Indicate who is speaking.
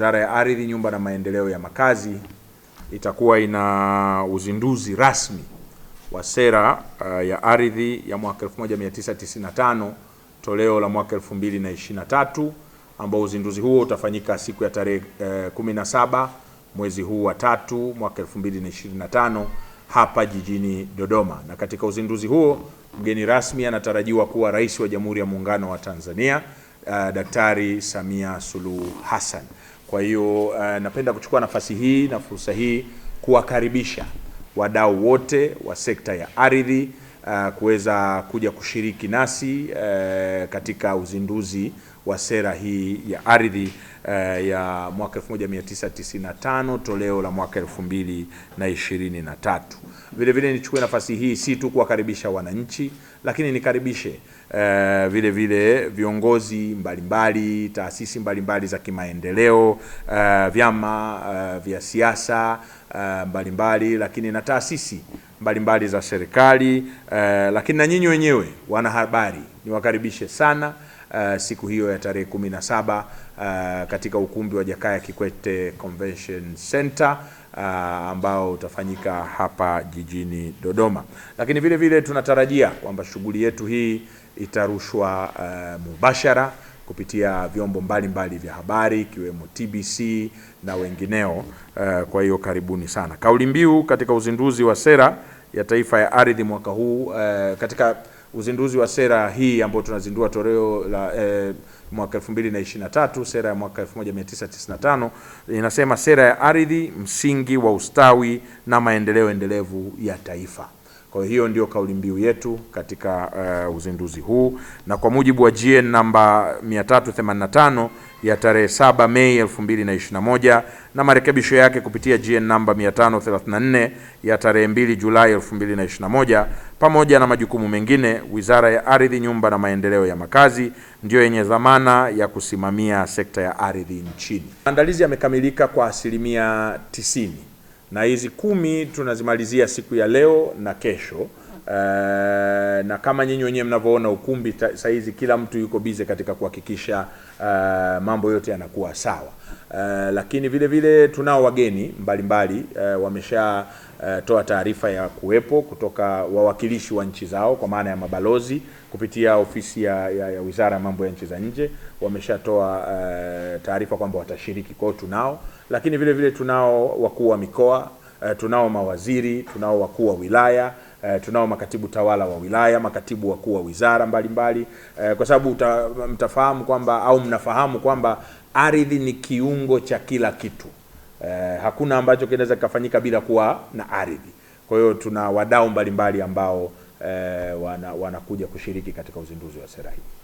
Speaker 1: Wizara ya Ardhi, Nyumba na Maendeleo ya Makazi itakuwa ina uzinduzi rasmi wa sera uh, ya ardhi ya mwaka 1995 toleo la mwaka 2023 ambao uzinduzi huo utafanyika siku ya tarehe eh, uh, 17 mwezi huu wa tatu mwaka 2025 hapa jijini Dodoma. Na katika uzinduzi huo mgeni rasmi anatarajiwa kuwa Rais wa Jamhuri ya Muungano wa Tanzania uh, Daktari Samia Suluhu Hassan. Kwa hiyo uh, napenda kuchukua nafasi hii na fursa hii kuwakaribisha wadau wote wa sekta ya ardhi uh, kuweza kuja kushiriki nasi uh, katika uzinduzi wa sera hii ya ardhi eh, ya mwaka 1995 toleo la mwaka 2023. Vile vile nichukue nafasi hii si tu kuwakaribisha wananchi, lakini nikaribishe eh, vile vile viongozi mbalimbali mbali, taasisi mbalimbali mbali za kimaendeleo eh, vyama eh, vya siasa eh, mbalimbali lakini na taasisi mbalimbali za serikali eh, lakini na nyinyi wenyewe wanahabari niwakaribishe sana eh, siku hiyo ya tarehe kumi na saba eh, katika ukumbi wa Jakaya Kikwete Convention Center eh, ambao utafanyika hapa jijini Dodoma, lakini vile vile tunatarajia kwamba shughuli yetu hii itarushwa eh, mubashara kupitia vyombo mbalimbali vya habari ikiwemo TBC na wengineo. Eh, kwa hiyo karibuni sana. Kauli mbiu katika uzinduzi wa sera ya taifa ya ardhi mwaka huu eh, katika uzinduzi wa sera hii ambayo tunazindua toleo la eh, mwaka 2023 sera ya mwaka 1995 inasema, sera ya ardhi msingi wa ustawi na maendeleo endelevu ya taifa. Kwa hiyo ndio kauli mbiu yetu katika uh, uzinduzi huu, na kwa mujibu wa GN namba 385 ya tarehe 7 Mei 2021 na marekebisho yake kupitia GN namba 534 ya tarehe 2 Julai 2021, pamoja na majukumu mengine, Wizara ya Ardhi, Nyumba na Maendeleo ya Makazi ndiyo yenye dhamana ya kusimamia sekta ya ardhi nchini. Maandalizi yamekamilika kwa asilimia 90 na hizi kumi tunazimalizia siku ya leo na kesho. Uh, na kama nyinyi wenyewe mnavyoona ukumbi saa hizi kila mtu yuko bize katika kuhakikisha uh, mambo yote yanakuwa sawa. Uh, lakini vile vile tunao wageni mbalimbali uh, wamesha uh, toa taarifa ya kuwepo kutoka wawakilishi wa nchi zao kwa maana ya mabalozi kupitia ofisi ya, ya, ya Wizara ya Mambo ya Nchi za Nje wameshatoa uh, taarifa kwamba watashiriki kwao, tunao lakini vile vile tunao wakuu wa mikoa uh, tunao mawaziri, tunao wakuu wa wilaya eh, tunao makatibu tawala wa wilaya, makatibu wakuu wa wizara mbalimbali mbali. Eh, kwa sababu mtafahamu kwamba au mnafahamu kwamba ardhi ni kiungo cha kila kitu eh, hakuna ambacho kinaweza kikafanyika bila kuwa na ardhi. Kwa hiyo tuna wadau mbalimbali ambao eh, wana, wanakuja kushiriki katika uzinduzi wa sera hii.